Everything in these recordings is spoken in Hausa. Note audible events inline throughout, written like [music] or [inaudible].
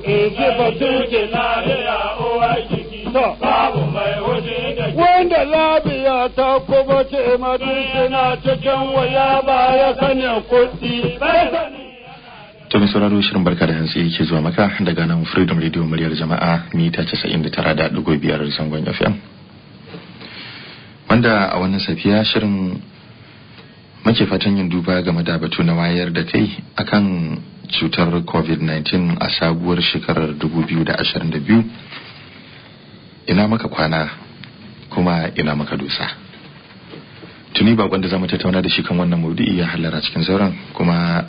Tuke na da uwa jiki, babu mai wuce da Wanda labiya ta kuma ce madusi na cikin waya ba ya sanya kuɗi. To mai sauraro shirin barka da hantsi yake zuwa maka daga nan Freedom Radio muryar jama'a mita 99.5 zangon FM. Wanda a wannan safiya shirin muke fatan yin duba game da batu na wayar da kai akan cutar covid-19 a sabuwar shekarar 2022 ina maka kwana kuma ina maka dusa tuni bakon da zamu tattauna da shi kan wannan maudu'i ya halara cikin sauran kuma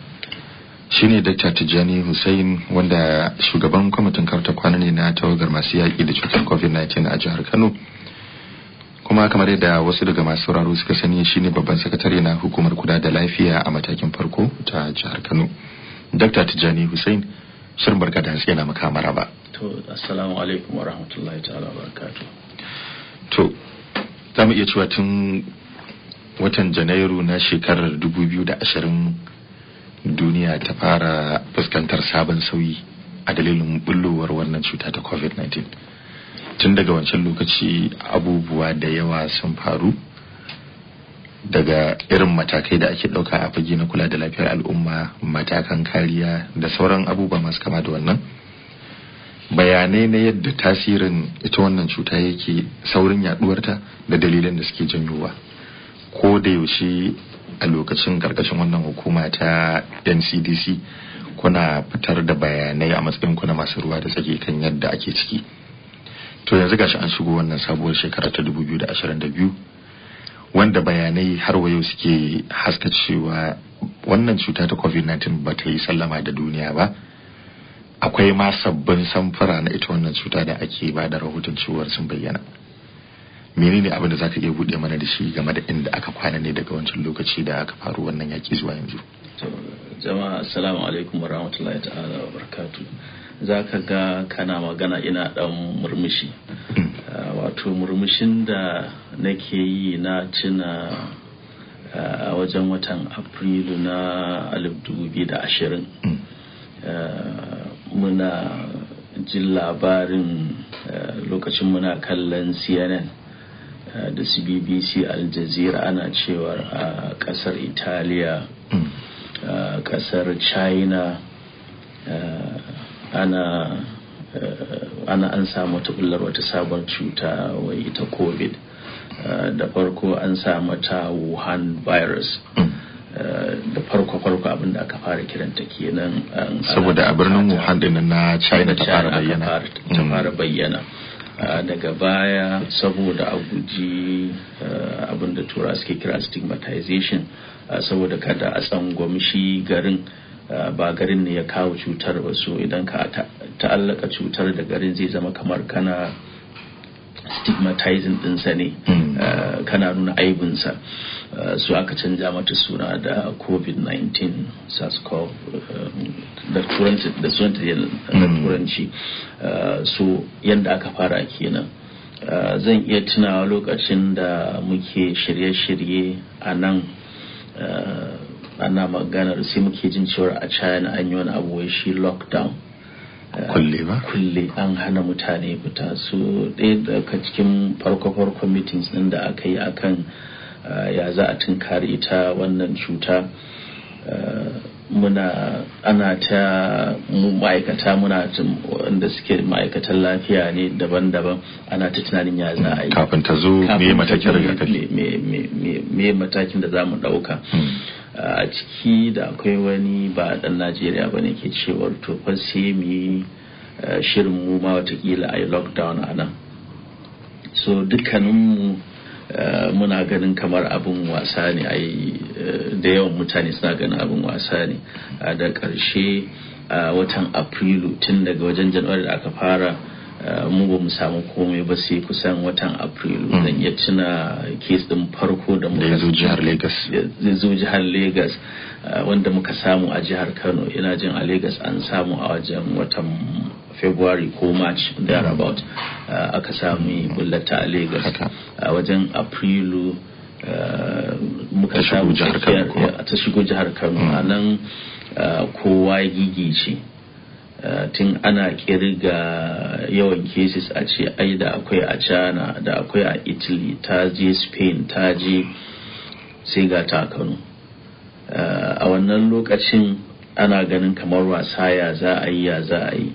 shine Dr. Tijjani Hussein wanda shugaban kwamitin karta kwana ne na tawagar masu yaƙi da cutar covid-19 a jihar Kano kuma kamar yadda wasu daga masu sauraro suka sani shine babban sakatare na hukumar kula da lafiya a matakin farko ta jihar Kano Dr. tijani Hussain, shirin barka da yana maka ba. To assalamu alaikum wa rahmatullahi ta'ala wa To za mu iya cewa tun watan Janairu na shekarar 2020 duniya ta fara fuskantar sabon sauyi a dalilin bullowar wannan cuta ta COVID-19. Tun daga wancan lokaci abubuwa da yawa sun faru. daga irin matakai da ake ɗauka a fage na kula da lafiyar al'umma matakan kariya da sauran abubuwa masu kama da wannan bayanai na yadda tasirin ita wannan cuta yake saurin yaduwarta da dalilan da suke janyowa ko da yaushe a lokacin karkashin wannan hukuma ta ncdc kuna fitar da bayanai a matsayin kuna masu ruwa da tsage kan yadda ake ciki to yanzu gashi an shigo wannan sabuwar shekara ta 2022 wanda bayanai har wayo suke haska cewa wannan cuta ta covid-19 ba ta yi sallama da duniya ba akwai ma sabbin samfura na ita wannan cuta da ake ba da rahoton ciwon sun bayyana ne abin da ka iya buɗe mana da shi game da inda aka kwana ne daga wancan lokaci da aka faru wannan yaƙi zuwa yanzu jama'a assalamu alaikum ta'ala wa barakatuh za ka ga kana magana ina ɗan murmushi hmm. ah, wato murmushin da nake yi na cina ah, a wajen watan afrilu na 2020 hmm. ah, muna jin labarin lokacin muna kallon cnn da su bbc al jazeera ana cewar a kasar italiya kasar hmm. china ana eh, ana an samu ta wata sabon cuta wai ta covid eh, da farko an samu ta wuhan virus eh, da farko farko abin aka fara kiranta kenan saboda a birnin wuhan din na china ta fara bayyana ta mm. daga baya saboda a guji abinda tura suke kira stigmatization saboda kada a tsangwamshi garin ba garin ne ya kawo cutar ba so idan ka ta'allaka cutar da garin zai zama kamar kana stigmatizing dinsa ne hmm. eh, kana nuna aibinsa eh, su aka canja mata suna da covid-19 sars-cov eh, da turanci da hmm. turanci so yadda aka fara kenan zan iya tunawa lokacin da muke shirye-shirye a nan ana maganar sai muke jin cewar a china an yi wani abu shi lockdown kulle ba kulle an hana mutane fita su ɗaya daga cikin farko-farko meetings ɗin da aka yi akan uh, ya za a tunkari ita wannan cuta uh, muna ana ta ma'aikata muna wanda suke ma'aikatan lafiya ne daban-daban ana ta tunanin ya za a yi kafin ta zo me matakin me matakin da za mu ɗauka hmm. a ciki da akwai wani ba ɗan najeriya ba ne ke cewar to fa sai mu yi eh, shirin mu ma watakila a yi lockdown a nan so dukkaninmu eh, muna ganin kamar abin wasa ne a eh, da yawan mutane suna ganin abin wasa ne a da ƙarshe watan afrilu tun daga wajen januari da aka fara Eh, mu ba mu samu komai ba sai kusan watan April. Hmm. zan iya cina kes din farko da muka zo jihar lagos zai zo jihar lagos eh, wanda muka samu a jihar kano ina jin a lagos an samu a wajen watan february ko march thereabout eh, aka sami bullata a lagos a wajen april muka samu ta shigo jihar kano hmm. a nan kowa ya gigice Eh, tun ana kirga yawan cases a ce ai da akwai a china da akwai a italy ta je spain ta je sai ga ta a eh, wannan lokacin ana ganin kamar wasa ya za a yi ya za a yi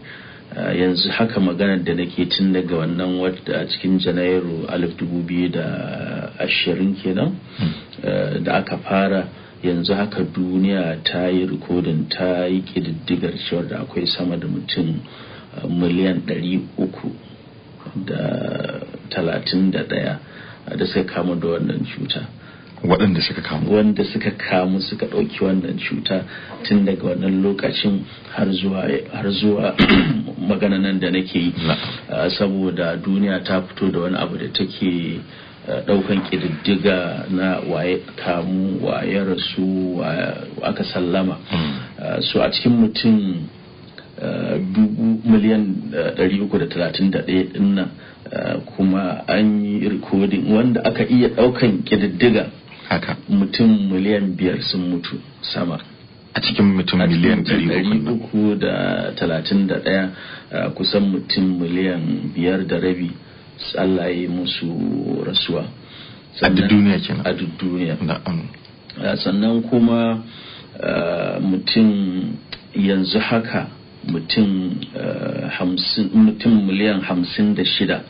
eh, yanzu haka maganar da nake tun daga wannan wata cikin janairu 2020 kenan hmm. da aka fara yanzu haka duniya ta yi rikodin ta yi ƙididdigar cewar da akwai sama da mutum uh, miliyan 331 uh, da suka kamu da wannan cuta waɗanda suka kamu wanda suka kamu suka ɗauki wannan cuta tun daga wannan lokacin har zuwa har zuwa [clears throat] magana nan da nake yi uh, saboda duniya ta fito da wani abu da take daukan kididdiga na waye kamu waye rasu aka sallama hmm. ah, so a cikin mutum ah, miliyan 331 ah, din nan kuma an yi rikodin wanda aka iya daukan kididdiga mutum miliyan biyar sun mutu sama a cikin mutum miliyan 331 kusan mutum miliyan biyar da rabi Allah yi musu rasuwa a duk duniya kenan a duk duniya ah, sannan kuma ah, mutum yanzu haka ah, mutum miliyan hamsin da shida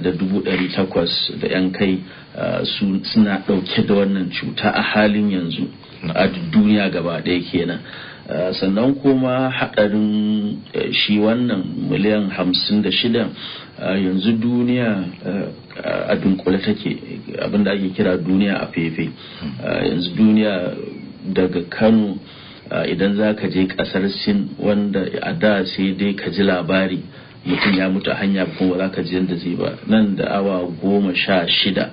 da dubu ɗari takwas da yan kai suna ɗauke da wannan cuta a halin yanzu a duniya gaba ɗaya kenan Eh, sannan kuma haɗarin eh, shi wannan miliyan hamsin da shida eh, yanzu duniya a dunkule take abinda ake kira duniya a fefe yanzu duniya daga kano idan za ka je ƙasar sin wanda a da sai dai ka ji labari mutum ya mutu hanya kuma za ka ji yadda zai ba nan da awa goma sha shida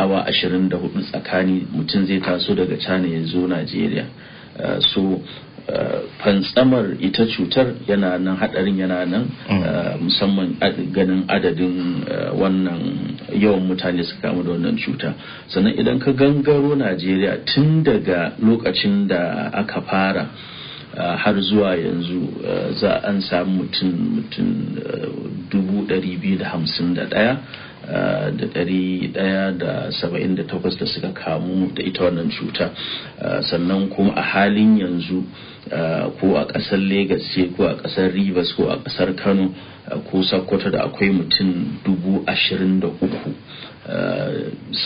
awa ashirin da hudu tsakani mutum zai taso daga cana ya zo najeriya so eh, fantsamar ita cutar yana nan hadarin yana nan mm. eh, musamman ganin adadin eh, wannan yawan mutane su kamu da wannan cuta sannan idan ka gangaro najeriya tun daga lokacin da aka fara har zuwa yanzu za an samu mutum da ɗaya da ɗari ɗaya da saba'in da takwas da suka kamu da ita wannan cuta uh, sannan kuma a halin yanzu uh, ko a ƙasar Legas ce ko a ƙasar Rivers ko a ƙasar Kano uh, ko Sokoto da akwai mutum dubu ashirin da uku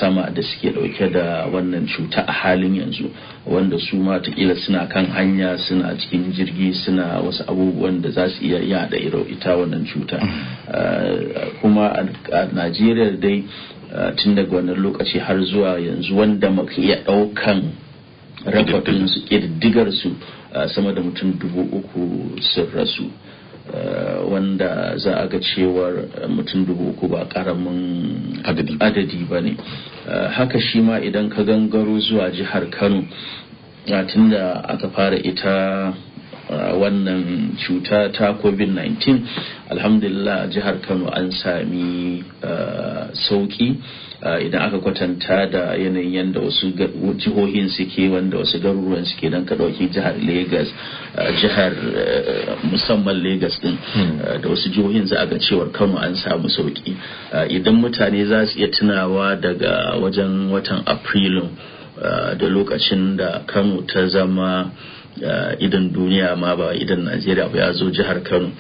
sama da suke dauke da wannan cuta a halin yanzu wanda su ma suna kan hanya suna cikin jirgi suna wasu abubuwan da za su iya yada ita wannan cuta mm-hmm. eh, kuma a najeriya dai eh, tun daga wannan lokaci har zuwa yanzu wanda maka iya daukan rakwafin su ƙididdigar su eh, sama da mutum dubu uku sun rasu Eh, wanda za a ga cewar eh, mutum dubu uku ba karamin adadi ba ne eh, haka shi ma idan ka gangaro zuwa jihar kano tun da aka fara ita wannan cuta ta covid-19 alhamdulillah jihar kano an sami sauki idan aka kwatanta da yanayin yadda wasu jihohin suke wanda wasu garuruwan suke don ka ɗauki jihar lagos jihar musamman lagos din hmm. da wasu jihohin za a ga cewar Kano an samu sauki idan mutane za su iya tunawa daga wajen watan Afrilun da lokacin da Kano ta zama idan duniya ma ba idan najeriya ba ya zo jihar kano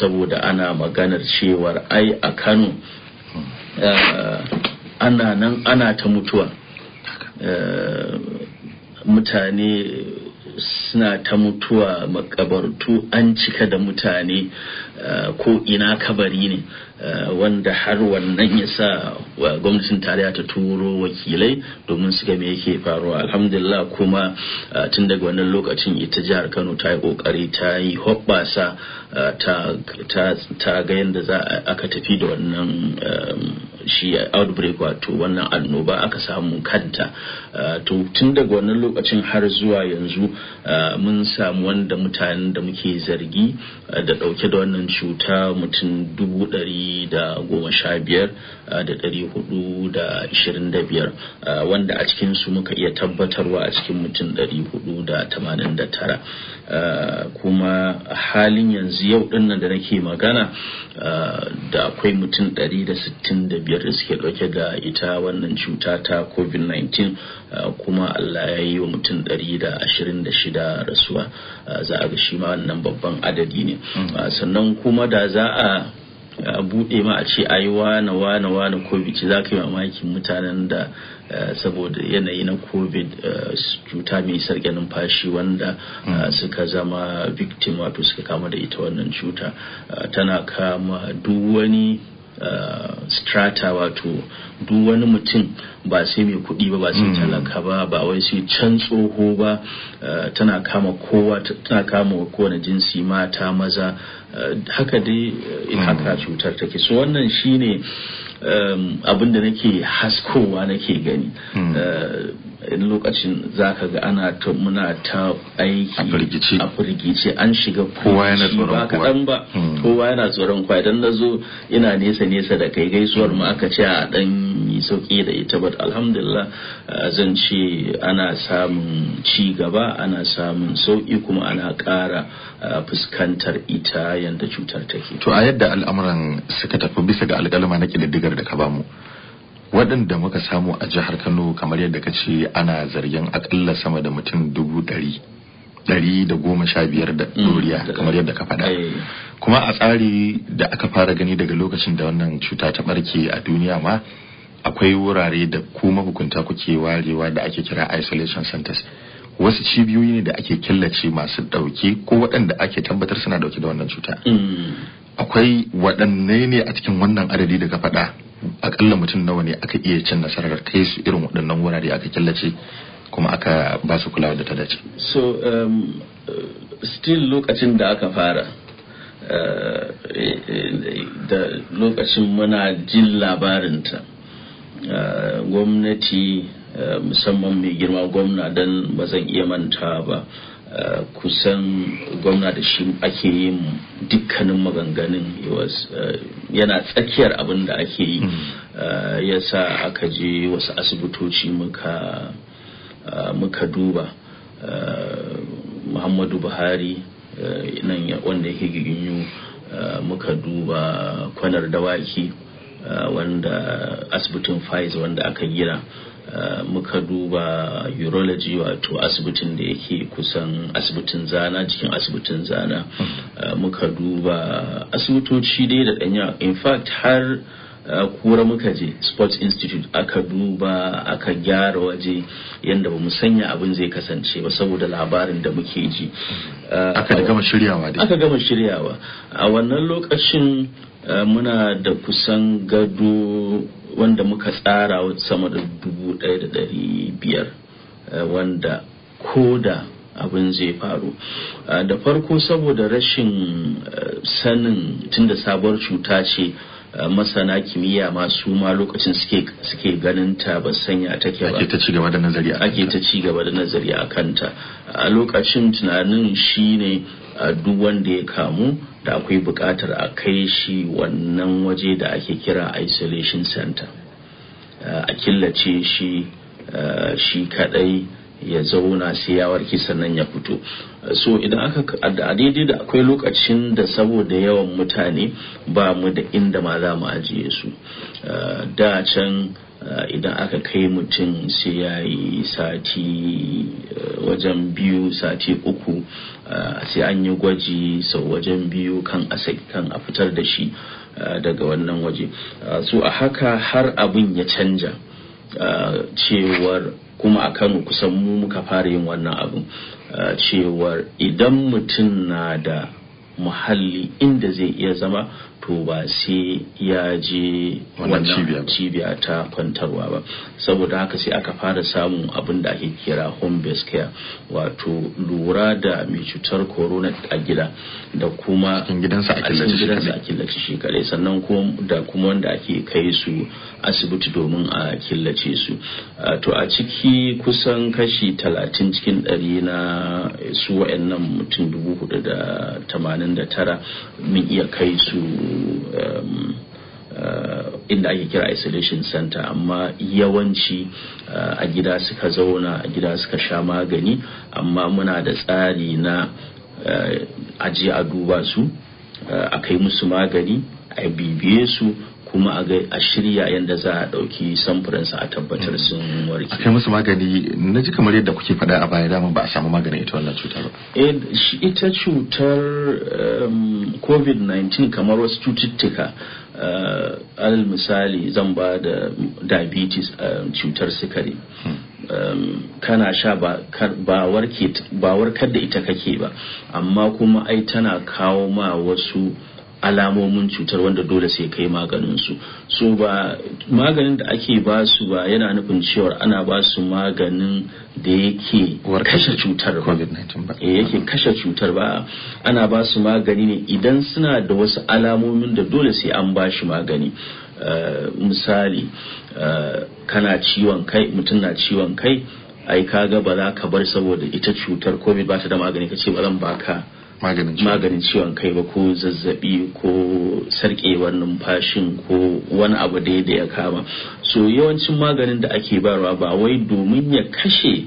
saboda ana maganar cewar ai a kano ana nan ana ta mutuwa eh, mutane suna ta mutuwa makabartu an cika da mutane eh, ko ina kabari ne eh, wanda har wannan ya sa gwamnatin tarayya ta turo wakilai domin su game yake faruwa alhamdulillah kuma tun daga wannan lokacin ita jihar kano ta yi kokari ta yi hoɓɓasa ta ga yadda za aka tafi da wannan shi outbreak wato wannan annoba aka samu kanta ah, to tun daga wannan lokacin har zuwa yanzu ah, mun samu wanda mutanen da muke zargi ah, da dauke da wannan cuta mutum dubu dari da goma sha biyar da dari hudu da ishirin da biyar wanda a cikinsu muka iya tabbatarwa a cikin mutum dari hudu da tamanin da tara Eh, kuma halin yanzu yau dinnan da nake magana eh, da akwai mutum 165 da suke dauke da ita wannan cuta ta covid-19 eh, kuma allah ya yi wa mutum 126 rasuwa za a ga shi ma wannan babban adadi ne mm. sannan kuma da za a a buɗe ma a ce ayi wane wane wane covid za ka yi mamakin mutanen da eh, saboda yanayi na covid eh, cuta mai sarƙe numfashi wanda mm. eh, suka zama victim wato suka kama da ita wannan cuta tana kama duk wani strata wato duk wani mutum ba sai mai kuɗi ba ba sai hmm. talaka ba ba wai sai can tsoho ba eh, tana kama kowa tana kama kowane jinsi mata maza eh, haka dai eh, hmm. haka cutar take so wannan shine abin da nake haskowa nake gani hmm. in lokacin za ka ga ana ta muna ta aiki a firgice an shiga kowa yana tsoron kaɗan ba kowa hmm. yana tsoron kwaya don na zo ina nesa nesa da kai gaisuwar mu aka ce a ɗan yi sauki da ita ba alhamdulillah zan ce ana samun ci gaba ana samun sauƙi kuma ana ƙara fuskantar ita yadda cutar take to a yadda al'amuran suka tafi bisa ga alƙalama na ƙididdigar da ka bamu waɗanda muka samu a jihar kano kamar yadda ka ce ana zargin akalla sama da mutum dubu ɗari ɗari da goma sha biyar da mm, ɗoriya kamar yadda ka faɗa kuma a tsari da aka fara gani daga lokacin da wannan cuta ta ɓarke a duniya ma akwai wurare da ku mahukunta kuke warewa da ake kira isolation centers wasu cibiyoyi ne da ake killace masu ɗauke ko waɗanda ake tabbatar suna ɗauke da wannan cuta mm. akwai waɗanne ne a cikin wannan adadi da ka faɗa akalla mutum nawa ne aka iya cin nasarar kai su irin waɗannan wurare aka killace kuma aka ba su kulawa da ta dace so um, still lokacin da aka fara eh, eh, da lokacin muna jin labarinta eh, gwamnati musamman mai girma gwamna don ba zan iya manta ba Eh, kusan gwamna da shi ake yin dukkanin maganganun eh, yana tsakiyar abin da ake yi hmm. eh, ya sa aka je wasu asibitoci muka duba muhammadu buhari nan wanda yake giginyu muka duba kwanar dawaki wanda asibitin faiz wanda aka gina. muka duba urology wato asibitin da yake kusan asibitin zana cikin asibitin zana hmm. muka duba asibitoci dai da danya in fact har kura muka je sports institute aka duba aka gyara waje yadda ba mu sanya abin zai kasance ba saboda labarin da muke ji hmm. aka gama shiryawa aka gama shiryawa a wannan lokacin muna da kusan gado wanda muka tsara sama da dubu ɗaya da ɗari biyar eh, wanda ko da abin zai faru eh, da farko saboda rashin eh, sanin tunda sabuwar cuta ce masana kimiyya masu ma lokacin suke ganin ta ba sanya ta ci gaba da nazari ake ta ci gaba da nazari a kanta a lokacin tunanin shine duk wanda ya kamu da akwai buƙatar a kai shi wannan waje da ake kira isolation center eh, a killace shi eh, shi kadai ya zauna sai ya warke sannan ya fito so idan aka a daidai da akwai lokacin da saboda yawan mutane ba mu da inda ma za mu ajiye su eh, da can Eh, idan aka kai mutum sai ya yi sati eh, wajen biyu sati uku eh, sai an yi gwaji sau wajen biyu kan a kan a fitar da shi daga wannan waje su a haka har abin ya canja cewar kuma a kano kusan mu muka fara yin wannan abin cewar idan mutum na da muhalli inda zai iya zama to ba sai ya je wannan cibiya ta kwantarwa ba saboda haka sai aka fara samun abin da ake kira home based care wato lura da mai cutar corona a gida da kuma gidansa a killace shi kadai sannan da kuma wanda ake kai su asibiti domin a killace su to a ciki kusan kashi talatin cikin ɗari na su wa'annan mutum dubu hudu da tamanin da tara mun iya kai su Um, uh, inda ake kira isolation center amma yawanci uh, a gida suka zauna a gida suka sha magani amma muna da tsari na uh, aji a duba su uh, a kai musu magani a bibiye su kuma a ga a shirya yadda za a ɗauki samfuransa a tabbatar mm. sun warke. Akwai musu magani na ji kamar yadda kuke faɗa a baya dama ba a samu maganin ita wannan cutar ba. Eh, ita cutar um, COVID-19 kamar wasu cututtuka uh, alal misali zan ba da diabetes um, cutar sukari. Hmm. Um, kana sha ba warkar da ita kake ba amma kuma ai tana kawo ma wasu alamomin cutar wanda dole sai kai maganin su so ba maganin da ake ba su ba yana nufin cewar ana ba su maganin da yake kashe cutar eh yake kashe cutar ba ana ba su magani ne idan suna da wasu alamomin da dole sai an ba shi magani eh, misali eh, kana ciwon kai mutum na ciwon kai ai kaga ba za ka bar saboda ita cutar covid ba ta da magani ka ce ba zan baka maganin ciwon kai ba ko zazzabi ko sarkewar numfashin ko wani abu da ya kama so yawancin maganin da ake barwa ba wai domin ya kashe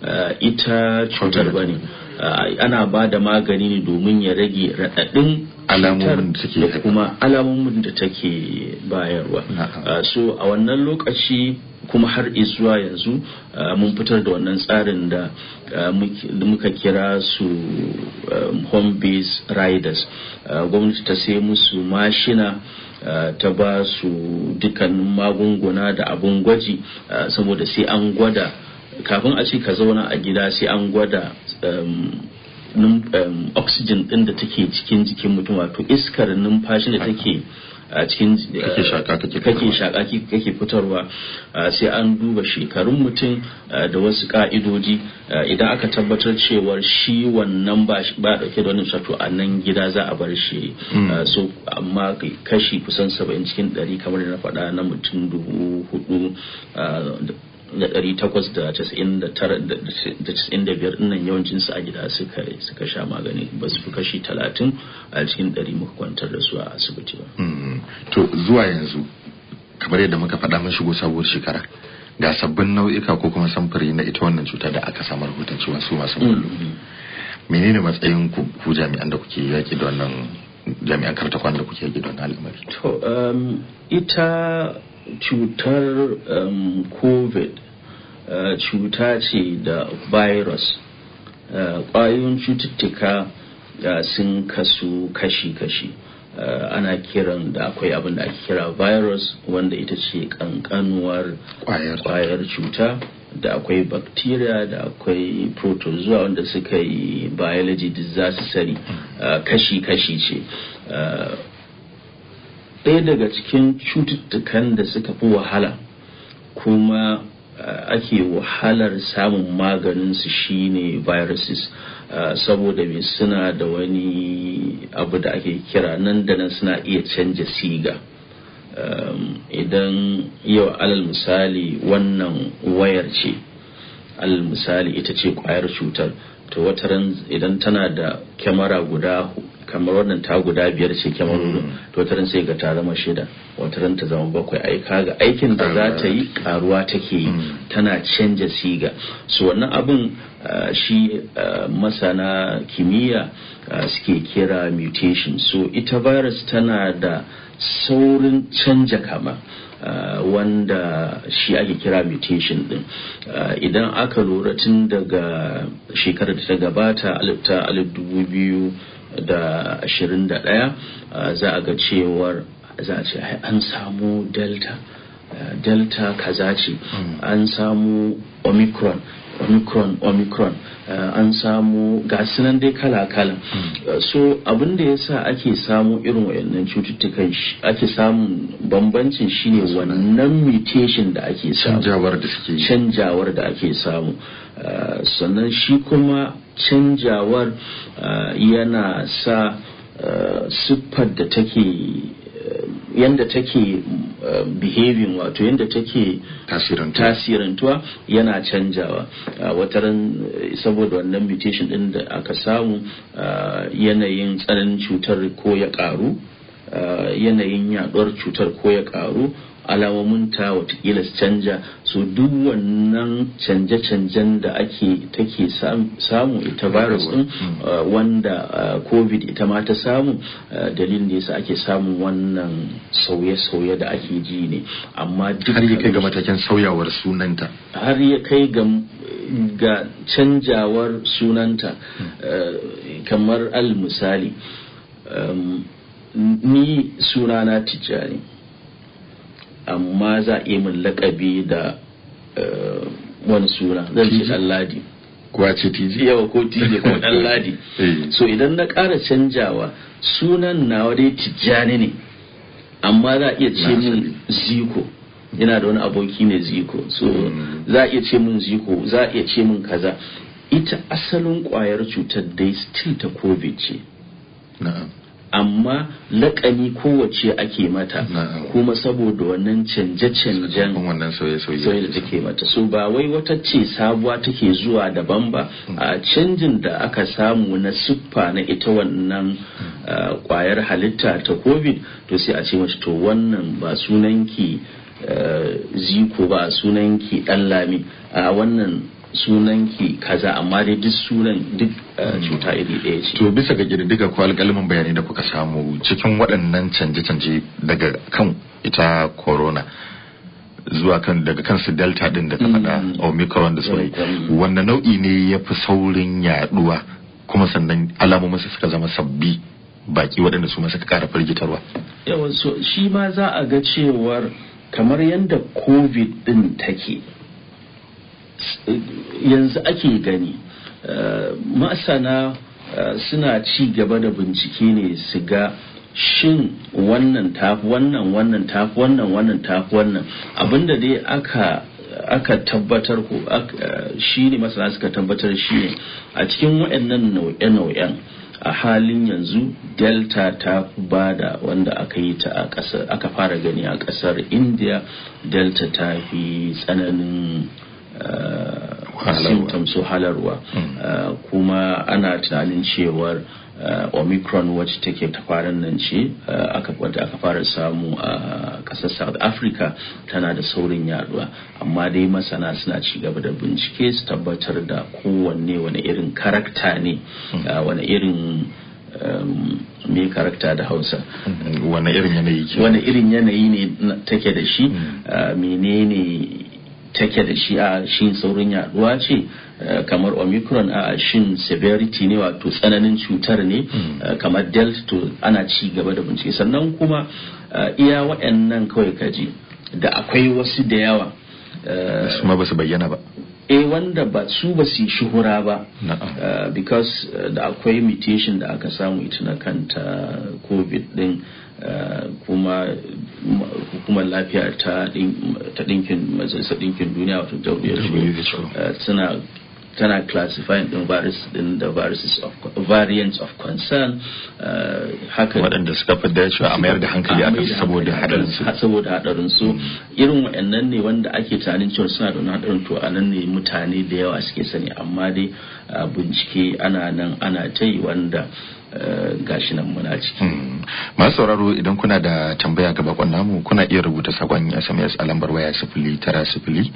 eh, ita cutar ba ne eh, ana ba da magani ne domin ya rage raɗaɗin alamomin da take da kuma alamomin da take bayarwa ah, so a wannan lokaci kuma har izuwa yanzu ah, mun fitar da wannan tsarin da ah, muka kira su home base riders gwamnati ta sai musu mashina ta ba su dukkanin magunguna da abun gwaji saboda sai an gwada kafin a ce ka zauna a gida sai an gwada um, oxygen din da take cikin jikin mutum wato iskar numfashin da take a cikin eh, kake shaka kake fitarwa sai an duba shekarun mutum da wasu ka'idoji idan aka tabbatar cewar shi wannan ba dauke da wani sato a nan gida za a bar shi hmm. so amma kashi kusan saba'in cikin 100 kamar da na faɗa na mutum dubu hudu da ɗari takwas da casa'in da tara da casa'in da biyar ɗinnan yawancin su a gida suka sha magani ba su fi kashi talatin a cikin ɗari muka kwantar da su a asibiti ba. Mm-hmm. to zuwa yanzu kamar yadda muka faɗa mun shigo sabuwar shekara ga sabbin nau'ika ko kuma samfuri na ita wannan cuta da aka samar rahoton cewa su masu kullu. Mm-hmm. menene matsayin ku jami'an da kuke yaƙi da wannan jami'an kwan da kuke yaƙi da wannan al'amari to um, ita cutar um, covid uh, cuta ce da virus uh, ƙwayoyin uh, cututtuka uh, sun kasu kashi-kashi uh, ana kiran da akwai abin da ake kira virus wanda ita ce kankanuwar kwayar cuta da akwai bacteria da akwai protozoa wanda suka yi biology disaster sari su kashi-kashi uh, ce ɗaya daga cikin cututtukan da suka fi wahala kuma eh, ake wahalar samun maganinsu shine viruses eh, saboda mai suna da wani abu da ake kira nan da nan suna iya canja siga ehm, idan yau alal misali wannan wayar ce alal misali ita ce kwayar cutar to wataran idan tana da kyamara guda kamar wannan ta guda biyar ce kyamarorin hmm. to tarin sai ga ta zama shida wataran ta zama bakwai ai kaga aikin da za ta yi karuwa take yi hmm. tana canja siga su wannan abin shi masana kimiyya suke kira mutation so ita virus tana da saurin canja kama Uh, wanda shi ake kira mutation din uh, idan aka lura tun daga shekarar da ta gabata alif ta alif dubu biyu da ashirin da ɗaya za a ga cewar za a ce an samu delta delta kaza ce hmm. an samu omicron omicron omicron eh, an samu nan dai kala-kala hmm. eh, so abin da ya sa ake samu irin wayannan cututtukan ake samun bambancin shine wannan mutation da ake samu canjawar da ake samu eh, sannan shi kuma canjawar yana sa siffar da take yanda take uh, behaving wato yanda take tasirantuwa yana canjawa uh, ran uh, saboda wannan mutation din da aka samu yanayin tsananin cutar ko ya karu yanayin yaduwar cutar ko ya karu alamominta watakila su canja su duk wannan canje-canjen da ake take samu ita virus din hmm. uh, wanda uh, covid ita ma ta samu uh, dalilin da yasa ake samun wannan sauye-sauye da ake ji ne amma har ya kai ga matakin sauyawar sunanta har ya kai ga ga canjawar sunanta hmm. kamar al misali um, ni sunana tijjani amma za a iya min lakabi da eh, wani suna zan ce dan ladi kuwa ce tiji yawa ko tiji ko dan [laughs] eh. ladi so idan na ƙara canjawa sunan na wadai tijjani ne amma za a iya ce min ziko yana da wani aboki ne ziko so hmm. za a iya ce min ziko za a iya ce min kaza ita asalin kwayar cutar dai still ta covid ce na'am amma laƙani kowace ake mata kuma saboda wannan canje-canjen sauye da take mata so ba wai wata ce sabuwa take zuwa daban ba hmm. a canjin da aka samu na siffa na ita wannan kwayar hmm. halitta ta covid to sai a ce mace to wannan ba sunanki eh, ziko ba sunanki ɗan lami a wannan sunanki kaza amma dai duk sunan duk eh, hmm. cuta iri ɗaya ce. To bisa ga ko alƙalmin bayanai da kuka samu cikin waɗannan canje-canje daga kan ita corona zuwa kan daga kansu delta ɗin da ta hmm. faɗa omicron da sauri um. wanda nau'i ne ya fi saurin yaɗuwa kuma sannan alamomin su suka zama sabbi baki waɗanda su suka ƙara firgitarwa. Yawan shi ma za a ga cewar kamar yadda covid din take. yanzu ake gani eh, masana eh, suna ci gaba da bincike ne su ga shin wannan tafi wannan wannan tafi wannan wannan tafi wannan abinda dai aka aka tabbatar ko eh, shi ne masana suka tabbatar shi ne a cikin waɗannan nau'e-nau'en a halin yanzu delta ta bada da wanda aka yi ta a aka fara gani a ƙasar india delta ta fi tsananin symptoms halarwa hmm. uh, kuma ana tunanin cewar uh, omicron wacce take tafarin nan ce uh, wadda aka fara samu a kasar south africa tana da saurin yaduwa amma dai masana suna ci gaba da bincike su tabbatar da kowanne wani irin karakta ne hmm. wani irin um, me karakta da hausa hmm. wani irin yanayi wani irin yanayi ne take da shi menene take da shi a shin saurin yaduwa ce eh, kamar omicron a shin severity ne wato tsananin cutar ne hmm. eh, kamar delta to ana ci gaba da bincike sannan kuma eh, iya waɗannan kawai kaji da akwai wasu da yawa su ma ba bayyana ba a wanda ba su ba shuhura ba because da akwai mutation da aka samu ita na kanta covid din kuma hukumar lafiya ta dinkin majalisar dinkin duniya wato WHO eh, suna tana classifying din virus din da viruses of variants of concern eh, haka waɗanda suka fi dacewa a mayar da hankali akan saboda hadarin su saboda hadarin su mm. irin waɗannan ne wanda ake tunanin cewa suna da hadarin to anan ne mutane da yawa suke sani amma dai eh, bincike ana nan ana ta yi wanda Eh, gashi nan muna ciki. Hmm. Masu sauraro idan kuna da tambaya ga bakon namu kuna iya rubuta sakon SMS a lambar waya sifili tara sifili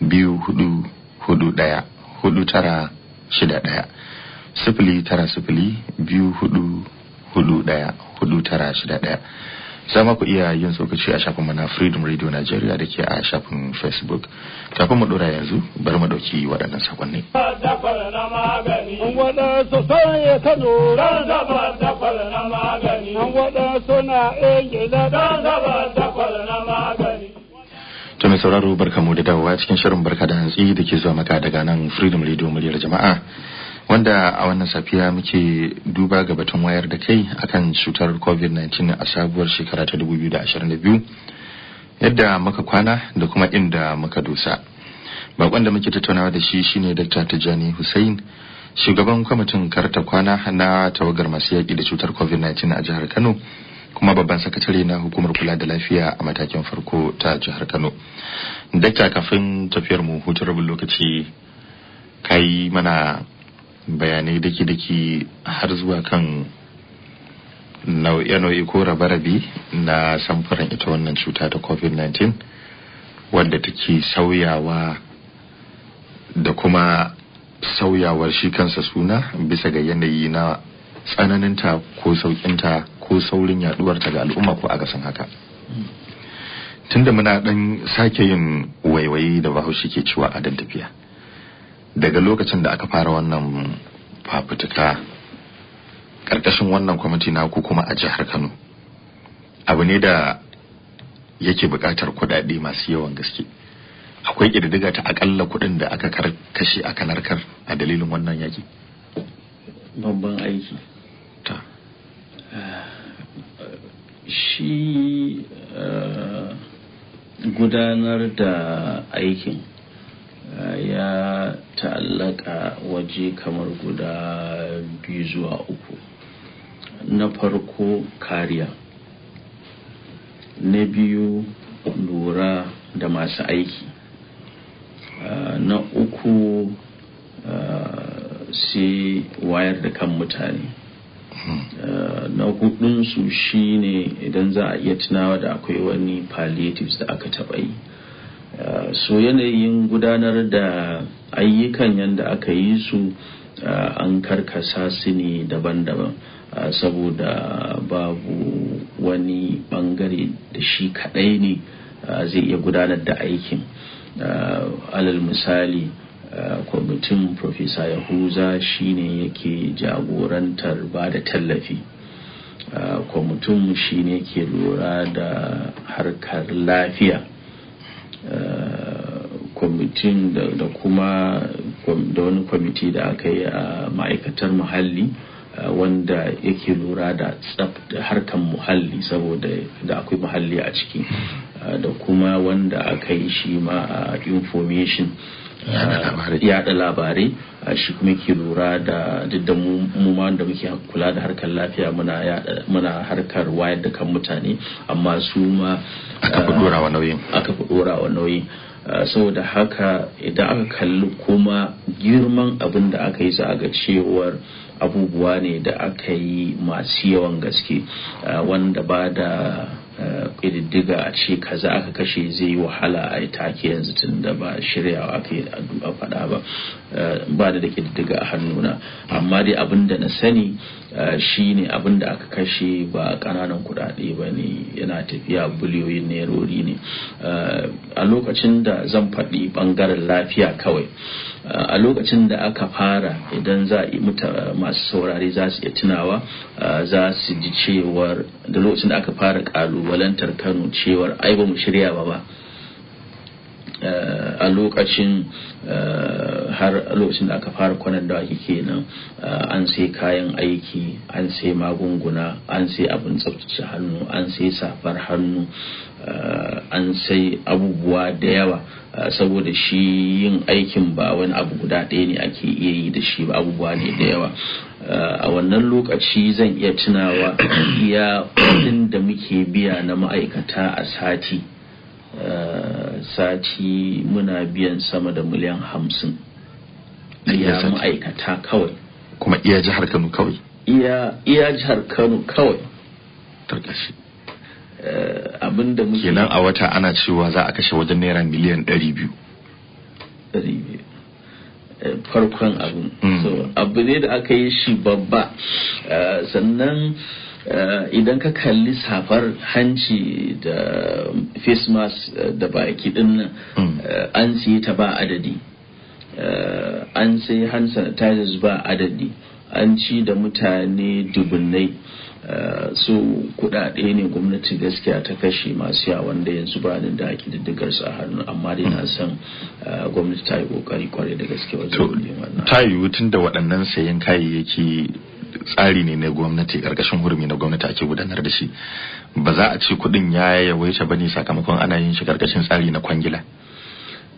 biyu hudu hudu daya hudu tara shida daya sifili tara sifili biyu hudu hudu daya hudu tara shida daya. za ma ku iya yin tsokaci a shafin mana freedom radio nigeria da ke a shafin facebook kafin mu dora yanzu bari mu dauki waɗannan sakonni waɗansu kano na To mai sauraro mu da dawowa cikin shirin barka da hantsi da ke zuwa maka daga nan Freedom Radio muryar jama'a. wanda a wannan safiya muke duba ga batun wayar da kai akan cutar covid-19 a sabuwar shekara ta 2022 yadda muka kwana da kuma inda muka dosa bakon da muke tattaunawa da shi shine dr tijani hussein shugaban kwamitin karta kwana na tawagar masu yaƙi da cutar covid-19 a jihar kano kuma babban sakatare na hukumar kula da lafiya a matakin farko ta jihar kano dakta kafin tafiyar mu hutu rabin lokaci kai mana bayanai daki-daki har zuwa kan nau'i nau'i ko rabe na samfuran ita wannan cuta ta covid-19 wadda take sauyawa da kuma sauyawar shi kansa suna bisa ga yanayi na tsananinta ko sauƙinta ko saurin yaduwarta ga al'umma ko akasin haka tunda muna dan sake yin waiwaye da bahaushe ke cewa adan tafiya daga lokacin da aka fara wannan fafutuka karkashin wannan kwamiti na ku kuma a jihar kano abu ne da yake buƙatar kuɗaɗe masu yawan gaske akwai ƙididdiga ta akalla kuɗin da aka karkashi a narkar a dalilin wannan yaƙi babban aiki ta eh, shi eh, gudanar da aikin ya ta'allaka waje kamar guda biyu zuwa uku na farko kariya na biyu lura da masu aiki ah, na uku ah, sai wayar da kan mutane hmm. ah, na hudunsu shine idan za a iya tunawa da akwai wani palliatives da aka taɓa yi so yanayin gudanar da ayyukan yadda aka yi su an karkasa su ne daban-daban saboda babu wani bangare da shi kadai ne zai iya gudanar da aikin alal misali kwamitin profesa yahuza ne yake jagorantar ba da tallafi kwamitin ne ke lura da harkar lafiya Eh, kwamitin da kuma da wani kwamiti da aka yi a ma'aikatar muhalli eh, wanda yake lura da harkar muhalli saboda da akwai muhalli a ciki eh, da kuma wanda aka yi shi ma a information yada labarai a shi kuma ke lura da duk da mu da muke kula da harkar lafiya muna harkar wayar da kan mutane amma su ma aka fi dorawa nauyin eh, aka eh, saboda haka idan aka kalli kuma girman abin da aka yi za ga cewar abubuwa ne da aka yi masu yawan gaske eh, wanda ba da Eh, ƙididdiga a ce kaza aka kashe zai yi wahala a yi take yanzu tun da ba shiryawa aka yi a faɗa ba eh, ba da da ƙididdiga a hannuna amma dai abin da na sani Eh, shi ne abin da aka kashe ba ƙananan kuɗaɗe ba ne yana tafiya biliyoyin nerori ne eh, a lokacin da zan faɗi ɓangaren lafiya kawai eh, a lokacin da aka fara idan za a masu saurari za su iya tunawa za su ji cewar da lokacin da aka fara ƙalubalantar kano cewar ai ba mu shirya ba ba Eh, a lokacin eh, har lokacin da aka fara kwanan da ake kenan eh, an sai kayan aiki an sai magunguna an sai abin tsabtace hannu an sai safar hannu an sai abubuwa da yawa saboda shi yin aikin ba wani abu guda ɗaya ne ake iya yi da shi ba abubuwa ne da yawa a wannan lokaci zan iya tunawa iya kudin da muke biya na ma'aikata a sati Eh, sati muna biyan sama da miliyan hamsin iya ma'aikata kawai kuma iya jihar kano kawai iya jihar kano kawai tarkashi eh, abin da muke kenan a wata ana cewa za a kashe wajen naira miliyan 200 eh, farkon abin hmm. abu ne da aka yi shi babba sannan Eh, idan ka kalli safar hanci da face mask eh, da baki din hmm. eh, an siye ta ba adadi an sai hand sanitizers ba adadi an ci da mutane dubunnai so kudade ne gwamnati gaskiya ta kashe masu yawa wanda yanzu ba da ake diddigar su a hannu amma dai na hmm. san gwamnati ta yi kokari kwarai da gaske wajen ta yi tun da waɗannan sayen kayayyaki tsari ne na gwamnati ƙarƙashin hurumi na gwamnati ake gudanar da shi ba za a ce kuɗin ya yawaita ne sakamakon ana yin shi ƙarƙashin tsari na kwangila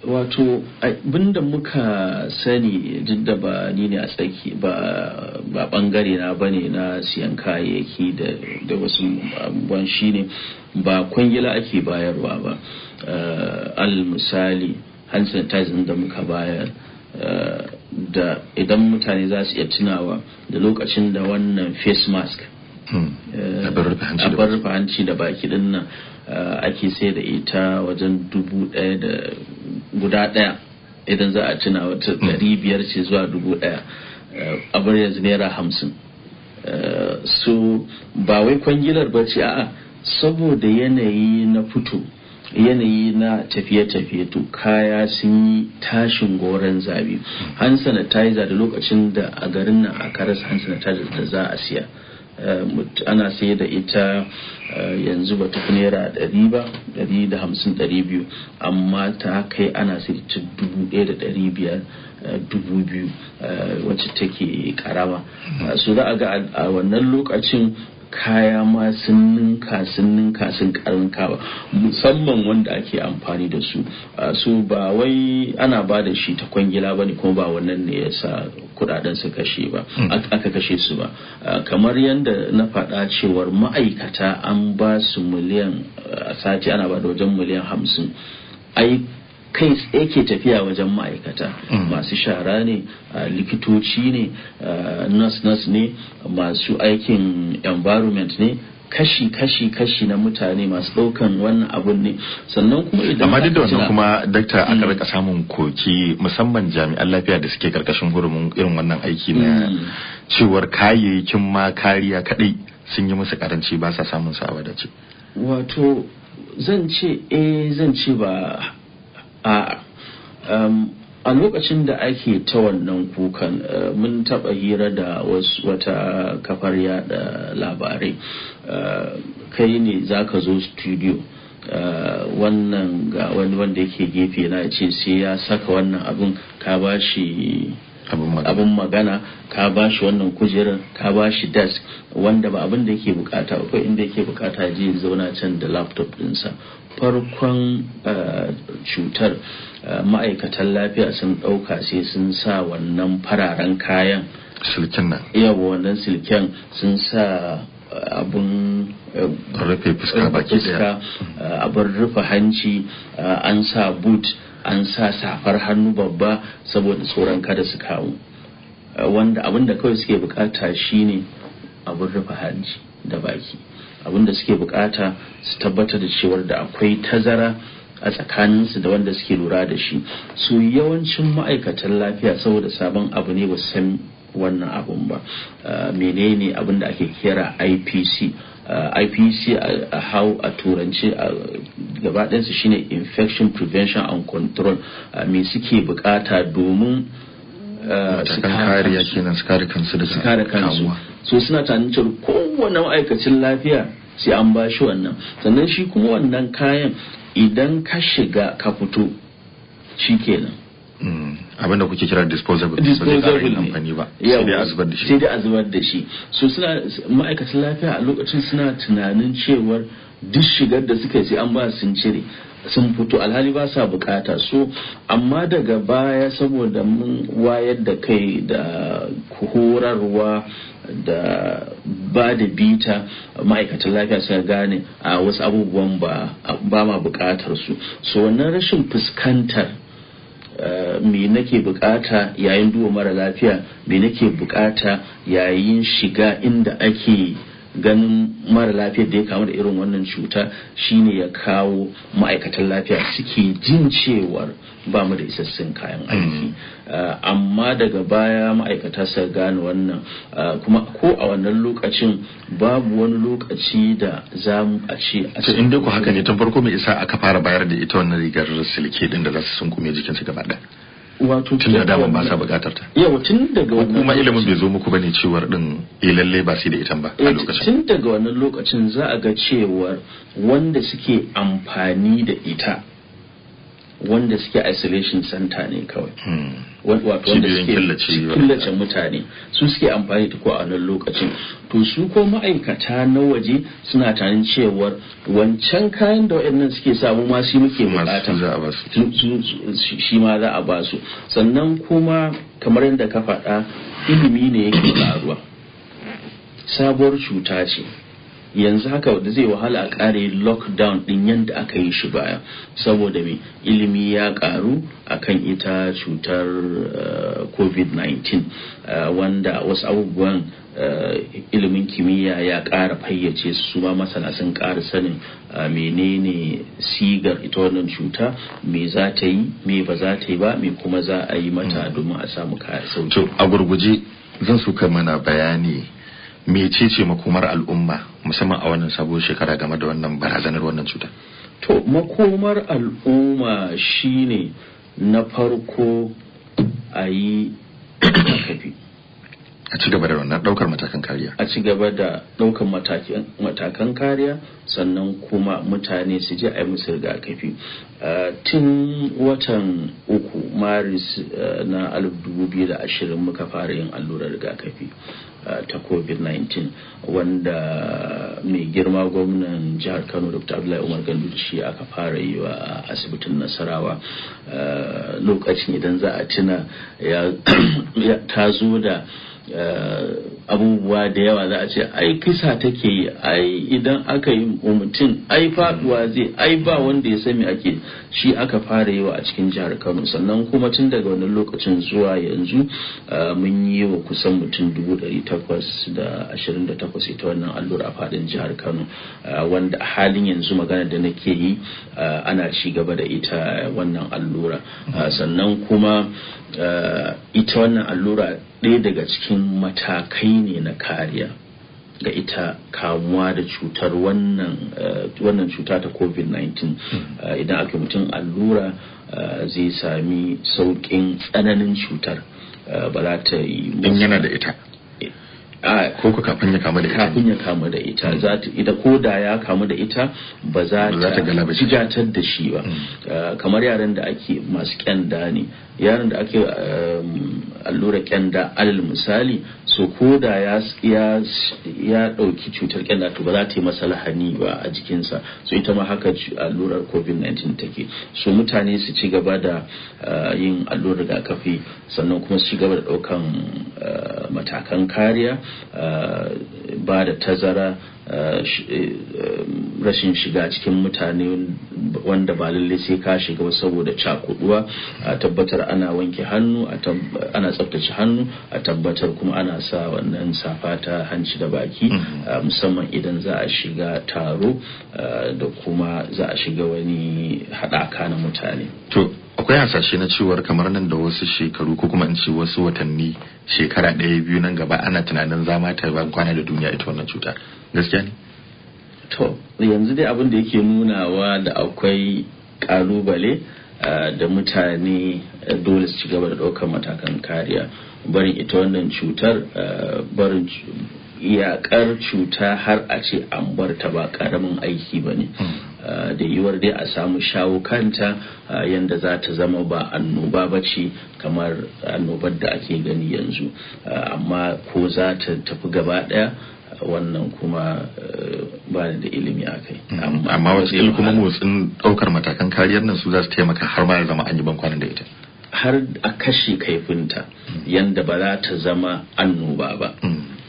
wato abinda muka sani duk da ba ni ne a tsaki ba bangare na ba ne na siyan kayayyaki da wasu abubuwan ne ba kwangila ake bayarwa ba eh, al misali hand sanitizer da muka bayar eh, da idan mutane za su iya tunawa da lokacin da wannan face mask hmm. eh, a bar hanci da baki din nan eh, ake sai da ita wajen dubu daya da guda daya idan za a tuna wata dari hmm. biyar ce zuwa dubu daya eh, a bar yanzu naira hamsin so ba wai kwangilar ba ce a'a saboda yanayi na fito yanayi na tafiye-tafiye to kaya sun yi tashin goron zabi hand sanitizer da lokacin da a garin nan a karas hand sanitizer da za a siya eh, ana sai da ita eh, yanzu ba tafi naira ɗari ba ɗari da hamsin ɗari biyu amma ta kai ana sai da ta dubu ɗaya da ɗari biyar eh, dubu biyu wacce take karama hmm. Su za a ga a wannan lokacin kaya ma sun ninka sun ninka sun karninka ba musamman wanda ake amfani da su ah, so ba wai ana ba da shi ta kwangila ba ne kuma ba wannan ne ya sa kudaden su kashe ba hmm. aka kashe su ba ah, kamar yadda na faɗa cewar ma'aikata an ba su miliyan ah, sati ana ba da wajen miliyan hamsin ai kai tsaye ke tafiya wajen ma'aikata mm. masu shara ne likitoci ne nas nas ne masu aikin environment ne kashi kashi kashi na mutane masu daukan wannan abun ne sannan kuma idan amma duk da wannan kuma dakta a karka mm. samun koki musamman jami'an lafiya da suke karkashin gurumin irin wannan aiki na mm. cewar kayayyakin ma kariya kadai sun yi musu karanci ba sa samun su a wadace wato zan ce eh zan ce ba a um, a lokacin da ake ta wannan kukan uh, mun taɓa hira da wata kafar yada labarai uh, kai ne za ka zo studio uh, wannan ga wani wanda yake gefe na ce sai ya saka wannan abin ka ba shi abin magana ka ba shi wannan kujerar ka ba shi desk wanda ba abin da yake bukata akwai inda yake bukata je zauna can da laptop dinsa farkon eh, cutar eh, ma'aikatan lafiya sun ɗauka sai sun sa wannan fararen kayan silken nan yawa wannan silken sun sa eh, abun rufe fuska baki daya abun rufe hanci an sa boot an sa safar hannu babba saboda tsoron kada su kawo wanda abin da kawai suke bukata shine abun rufe hanci da baki abinda suke bukata su tabbatar da cewa da akwai tazara a tsakaninsu da wanda suke lura da shi su yawancin ma'aikatan lafiya saboda sabon abu ne ba san wannan abun ba ah, menene abinda ake kira ipc ah, ipc a hau a turanci gabaɗinsu shine infection prevention and control ah, me suke bukata domin Eh, su kariya kenan su kare kansu da su kare kansu so suna tunanin cewa kowane ma'aikacin lafiya sai an ba shi wannan sannan shi kuma wannan kayan idan ka shiga ka fito shi kenan hmm, abinda kuke kira disposable disposable ne amfani ba sai dai a zubar da shi sai dai a zubar da shi so suna ma'aikacin lafiya a lokacin suna tunanin cewar duk shigar da suka sai an ba sun cire sun fito alhali ba sa bukata so amma daga baya saboda mun wayar da kai da horarwa da ba da bita ma'aikatan lafiya suka gane a wasu abubuwan ba ma bukatar su so wannan rashin fuskantar eh, me nake bukata yayin duba mara lafiya me nake bukata yayin shiga inda ake ganin mara lafiyar da ya kamu da irin wannan cuta shine ya kawo ma'aikatan lafiya suke jin cewar ba mu da isassun kayan aiki mm. ah, amma daga baya ma'aikata su gane wannan ah, kuma ko a wannan lokacin babu wani lokaci da za mu a ce a cikin duk haka ne tun farko mai isa aka fara bayar da ita wannan rigar silke din da za su sun kume jikinsu gaba ɗaya wato tun da dama ba sa bukatar ta yawa tun daga wannan kuma ilimin bai zo muku bane cewar din eh lalle ba sai da ita ba a eh, lokacin tun daga wannan lokacin za a ga cewar wanda suke amfani da ita wanda suke isolation center ne kawai hmm. wato wanda suke killace mutane su suke amfani da ko a wannan lokacin to su ko ma'aikata na waje suna tarin cewar wancan kayan da waɗannan suke samu ma shi muke bukata shi ma za a ba sannan kuma kamar yadda ka faɗa ilimi ne yake ƙaruwa sabuwar cuta ce yanzu haka da zai wahala a kare lockdown ɗin yadda aka yi shi baya saboda mai ilimi ya karu akan ita cutar eh, covid-19 eh, wanda wasu abubuwan Eh, ilimin kimiyya ya ƙara fayyace su ma masana sun ƙara sanin eh, menene sigar ita wannan cuta me za ta yi me ba za ta yi ba me kuma za a yi mata hmm. domin a samu sauki. a gurguje zan suka kai mana bayani mecece makomar al'umma musamman a wannan sabon shekara game da wannan barazanar wannan cuta. to makomar al'umma shine na farko a yi [coughs] a ci gaba da wannan daukar matakan kariya a ci gaba da daukar matakan kariya sannan kuma mutane su je a yi musu rigakafi tun watan uku maris na 2020 muka fara yin allurar rigakafi ta covid-19 wanda mai girma gwamnan jihar kano dr abdullahi umar gandu shi aka fara yi wa asibitin nasarawa lokacin idan za a tuna ta zo da Eh, abubuwa da yawa za a ce ai kisa take yi ai idan aka yi mutum ai faduwa zai ai ba wanda ya sami ake shi aka fara yi wa a cikin jihar kano sannan kuma tun daga wani lokacin zuwa yanzu eh, mun yi wa kusan mutum dubu takwas ita wannan allura a fadin jihar kano eh, wanda halin yanzu magana da nake yi ana ci gaba da ita wannan allura sannan kuma ita wannan allura ɗaya daga cikin matakai ne na kariya ga ita kamuwa da cutar wannan eh, cuta ta covid-19 hmm. eh, idan aka mutum allura eh, zai sami sauƙin tsananin cutar ba za ta yi yana da ita ko ka kafin ya kamu da ita kafin ya kamu da ita hmm. za ta ita ko da ya kamu da ita ba za ta jigatar da shi ba hmm. kamar yaran da ake masu kyanda ne yaran da ake um, allura kyanda alal misali so ko da ya ya dauki cutar kyanda to ba za ta yi masa lahani ba a jikinsa so ita ma haka allurar covid-19 take so mutane su ci gaba da yin allurar rigakafi sannan kuma su ci gaba da daukan matakan kariya Eh, ba da tazara eh, eh, rashin shiga cikin mutane wanda ba lalle sai ka shiga ba saboda cakuduwa a tabbatar ana wanke hannu ana tsaftace hannu a tabbatar kuma ana sa wannan safa ta hanci da baki mm-hmm. musamman idan za a shiga taro da kuma za a shiga wani haɗaka na mutane to akwai hasashe na cewar kamar nan da wasu shekaru ko kuma in ce wasu watanni shekara ɗaya biyu nan gaba ana tunanin za zama ta ban kwana da duniya ita wannan cuta gaskiya ne to yanzu dai abin da yake nunawa da akwai kalubale da mutane eh, dole su ci gaba da ɗaukar matakan kariya barin ita wannan cutar barin iyakar cuta har a ce an bar ta ba karamin aiki ba ne hmm. Eh, da yiwuwar dai a samu shawo kanta eh, yadda za ta zama ba annoba ba ce kamar annobar da ake gani yanzu eh, amma ko za ta tafi gaba daya wannan kuma ba da ilimi a kai mm, amma wasu kuma motsin daukar matakan kariyar nan su za su taimaka har ma zama an yi bankwanin da ita har a kashe kaifinta mm. yadda ba za ta zama annoba ba mm.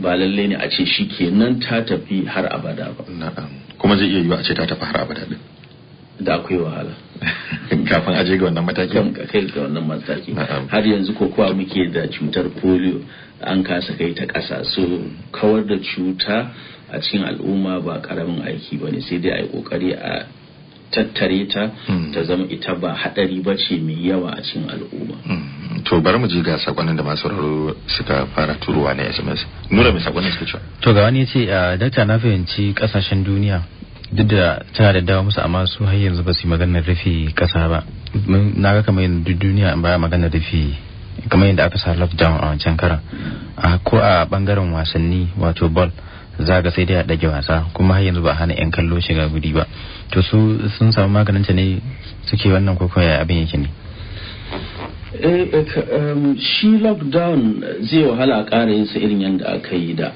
ba lalle ne a ce shi kenan ta tafi har abada ba kuma zai iya yiwa a ce ta tafi har abada din da akwai wahala [laughs] kafin aje ga wannan mataki kai ga wannan mataki har yanzu ko kuwa muke da cutar polio an kasa kai ta kasa so kawar da cuta a cikin al'umma ba karamin aiki ba ne sai dai a yi kokari a tattare ta hmm. ta zama ita ba hadari ba ce mai yawa a cikin al'umma. Hmm. To bari mu ji ga sakonin da masu sauraro suka fara turowa na SMS. Nura mai sakonin suka cewa. To ga wani yace ah, dakta na fahimci kasashen duniya duk da tana da dawo musu amma su har yanzu ba su yi maganar rufe kasa ba. Na ga kamar yanzu duniya ba maganar rufe kamar yadda aka sa lockdown a wancan karan a ah, ko a bangaren wasanni wato ball za ga sai dai a dage wasa kuma har yanzu ba hana yan kallo shiga guri ba to su sun samu maganin ta ne suke wannan ko ya abin yake ne eh, eh, um, shi lockdown zai wahala a ƙara yin sa irin yadda aka yi da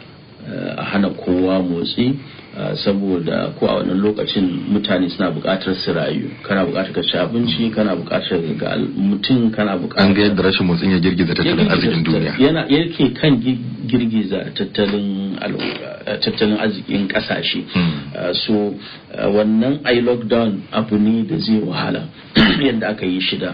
eh, a hana kowa motsi saboda ko a wannan lokacin mutane suna buƙatar su rayu kana buƙatar ka ci abinci kana buƙatar ga mutum kana buƙatar an ga yadda rashin motsin ya girgiza tattalin arzikin duniya yana yake kan girgiza tattalin Eh, tattalin arzikin kasashe hmm. eh, so eh, wannan ai lockdown abu ne da zai wahala [clears throat] yadda aka yi shida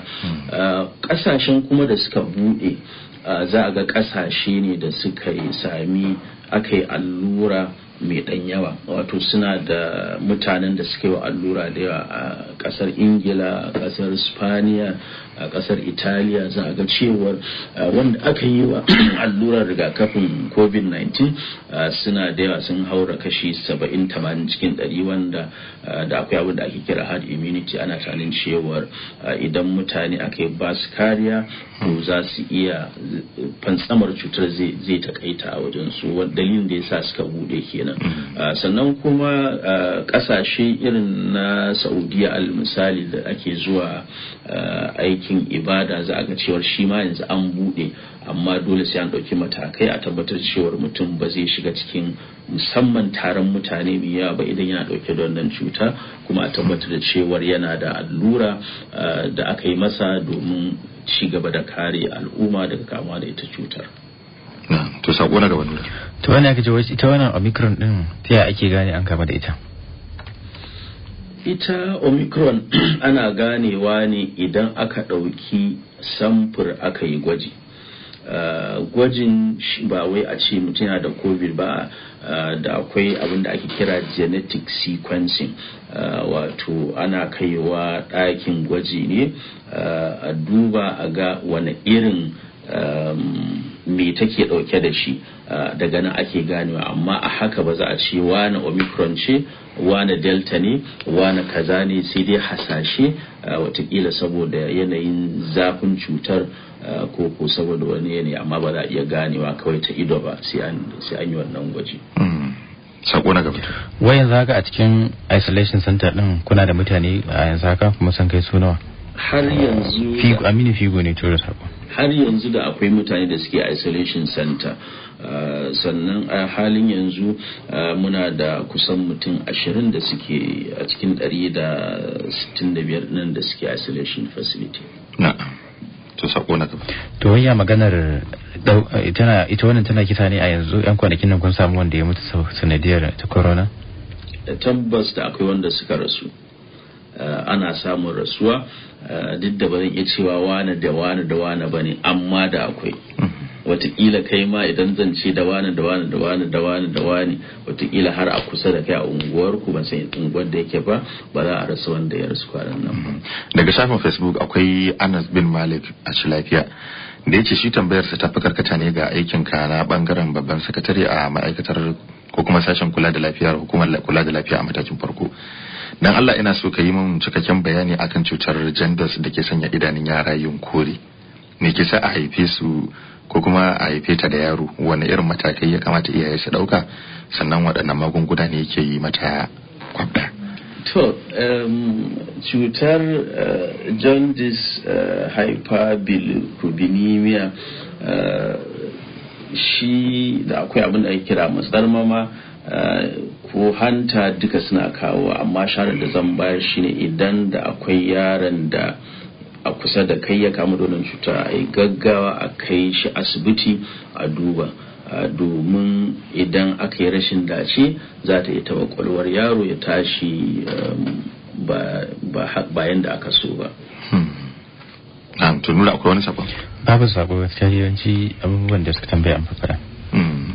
kasashen hmm. kuma da suka bude za a ga kasashe ne da suka sami aka yi allura mai dan yawa wato suna da mutanen da suka yi wa allura da yawa a kasar ingila kasar spaniya a kasar italiya za a ga cewar uh, wanda aka yi wa [clears throat] allurar rigakafin covid-19 uh, suna da yawa sun haura kashi 70-80 cikin 100 wanda uh, da akwai abin da ake kira hard immunity ana tunanin cewar idan mutane aka yi ba su kariya to za su iya fantsamar cutar zai takaita a wajen su dalilin da ya sa suka bude kenan mm-hmm. sannan kuma kasashe irin na saudiya al misali da ake zuwa aiki cikin ibada za a ga cewar shi ma yanzu an buɗe amma dole sai an ɗauki matakai a tabbatar cewar mutum ba zai shiga cikin musamman taron mutane mai yawa ba idan yana ɗauke da wannan cuta kuma a tabbatar da cewar yana da allura ah, da aka yi masa domin ci gaba da kare al'umma daga kamuwa da ita cutar. to sako na gaba to wani ita wannan omicron din ta ake gane an kama da ita. ita omicron [clears throat] ana ganewa ne idan aka ɗauki samfur aka yi gwaji ah, gwajin ba wai a ce mutum yana da covid ba ah, da akwai abin da ake kira genetic sequencing ah, wato ana kaiwa ɗakin gwaji ne a duba a ga wani irin um, me take ɗauke da shi daga nan ake ganewa amma a haka ba za a ce wani omicron ce wane delta ne wane kaza ne sai dai hasashe watakila saboda yanayin zafin cutar ko ko saboda wani yanayi amma ba za a iya ganewa kawai ta ido ba sai an yi wannan gwaji hmm. sako na gaba wayan yanzu a cikin isolation center din kuna da mutane a yanzu haka kuma san kai su nawa har yanzu figo aminu figo ne tura sakon har yanzu da akwai mutane da suke isolation center ah, sannan a halin yanzu ah, muna da kusan mutum ashirin da suke a cikin dari da sittin da biyar nan da suke isolation facility na to sako na gaba to wanya maganar eh, ita wannan tana kisa ne a yanzu yan kwanakin nan kun samu wanda ya mutu sanadiyar ta corona eh, tabbas da akwai wanda suka rasu Eh, ana samun rasuwa eh, duk da ba zan iya cewa wane da wane da wane ba ne amma da akwai watakila kai ma idan zan ce da wani da wani da wani da wani da wani watakila har a kusa da kai a unguwar ku ban san unguwar da yake ba ba za a rasa wanda ya rasu kwanan nan mhm. daga shafin facebook akwai anas bin malik a shi lafiya da ya ce shi tambayar sa tafi karkata ne ga aikin ka na bangaren babban sakatare a ma'aikatar ko kuma sashen kula da lafiyar hukumar kula da lafiya a matakin farko dan Allah ina so ka yi min cikakken bayani akan cutar jandas da ke sanya idanun yara yin kore me ke sa a haife su ko kuma a haife ta da yaro wani irin matakai ya kamata iyaye su dauka sannan waɗannan magunguna ne yake yi mata kwabda to cutar eh, jaundice eh, hyperbilirubinemia eh, shi da akwai abin da ake kira matsarmama ko hanta duka suna kawo amma shara da zan bayar ne idan da akwai yaron da a kusa da kai ya kamu donin cuta a yi gaggawa a kai shi asibiti a duba domin idan aka yi rashin dace za ta yi tabakwalwar yaro ya tashi um, bayan da aka so ba. Hmm. Nura akwai wani sabon Babu sabon gaskiya yawanci abubuwan da suka tambaya an fafara. Hmm.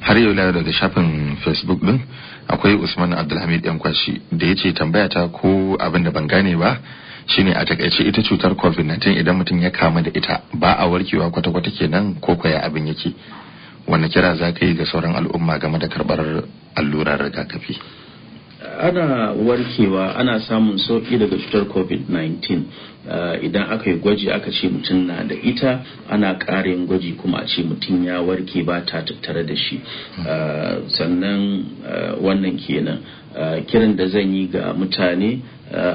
har yau layar daga shafin facebook din akwai usman abdulhamid yan kwashi da ya ce tambaya ta ko abin da ban gane ba shine a takaice ita cutar covid-19 idan mutum ya kama da ita ba a warkewa kwata-kwata kenan ko kwaya abin yake wani kira za ka yi ga sauran al'umma game da karbar allurar rigakafi ana warkewa ana samun sauki daga cutar covid-19 eh, idan aka yi gwaji aka ce mutum na da ita ana ƙarin gwaji kuma a ce mutum ya warke ba ta tattare da shi eh, sannan eh, wannan kenan kiran da zan yi ga mutane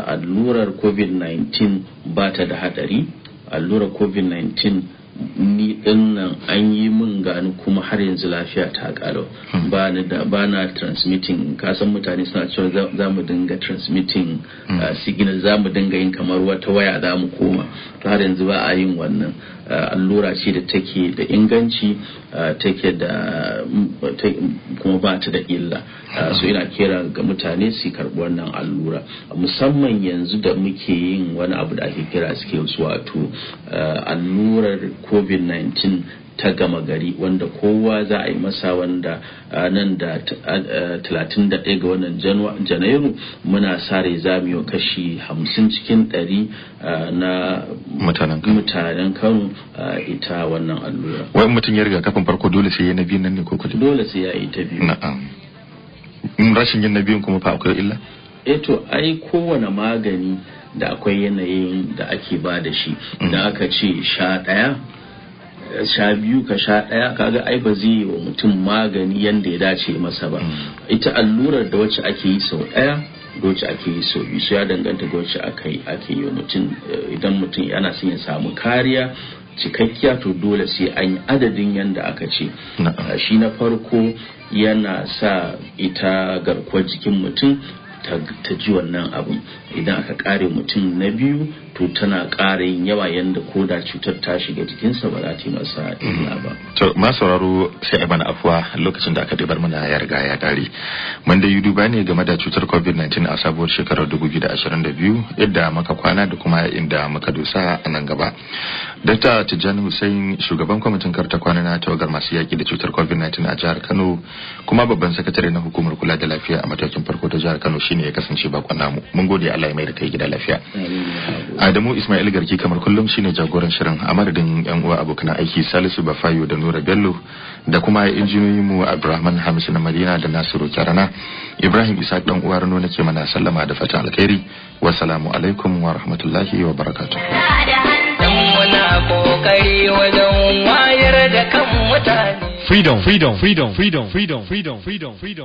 allurar covid-19 ba ta da hadari allurar covid-19 ni din nan an yi min gani kuma har yanzu lafiya ta kalo. Hmm. ba ni na transmitting kasan mutane suna cewa za mu dinga transmitting hmm. uh, signal za mu dinga yin kamar wata waya za mu koma har yanzu ba a yin wannan uh, allura ce da take da inganci Uh, take da uh, kuma ba ta da illa uh, so ina kera ga mutane su karɓi wannan allura musamman yanzu da muke yin wani abu da ake kira skills wato allurar covid-19 ta gama gari wanda kowa za a yi masa wanda nan da 31 ga wannan janairu muna sare yi kashi 50 cikin 100 na mutanen kano ita wannan allura wai mutum ya riga kafin farko dole sai ya na biyu nan ne koko dole sai ya yi ta biyu na'am rashin yin na biyun kuma fa akwai illa eto eh ai kowane magani da akwai yanayin da ake ba da shi mm. da aka ce sha ɗaya sha biyu ka sha ɗaya kaga ai ba zai yi wa mutum magani yadda ya dace masa ba mm. ita allurar da wacce ake yi sau ɗaya da wacce ake yi sau biyu ya danganta da wacce ake yi wa mutum eh, idan mutum yana son ya samu kariya cikakkiya to dole sai an yi adadin yadda aka ce shi na farko yana sa ita garkuwar jikin mutum ta ji wannan abin idan aka kare mutum na biyu to tana kare yawa yadda ko da cutar ta shiga jikinsa ba za ta yi masa illa ba. Mm-hmm. to ma sauraro sai a bana afuwa lokacin da aka dubar mana ya riga ya ƙare mun da duba ne game da cutar covid-19 a sabuwar shekarar 2022 yadda muka kwana da kuma inda muka dosa a nan gaba dr tijjani hussein shugaban kwamitin karta kwana na tawagar masu yaƙi da cutar covid-19 a jihar kano kuma babban sakatare na hukumar kula da lafiya a matakin farko ta jihar kano shi ne ya kasance bakon namu mun gode Allah ya mai da kai gida lafiya Adamu Ismail Garki kamar kullum shine jagoran shirin a madadin yan uwa abokan aiki Salisu Bafayo da Nura Bello da kuma injiniyoyin mu Abdulrahman Hamisu na Madina da Nasiru karana Ibrahim Isa dan uwar nuna nake mana sallama da fatan alkhairi salamu alaikum wa rahmatullahi wa barakatuh Freedom, freedom, freedom, freedom, freedom, freedom, freedom, freedom.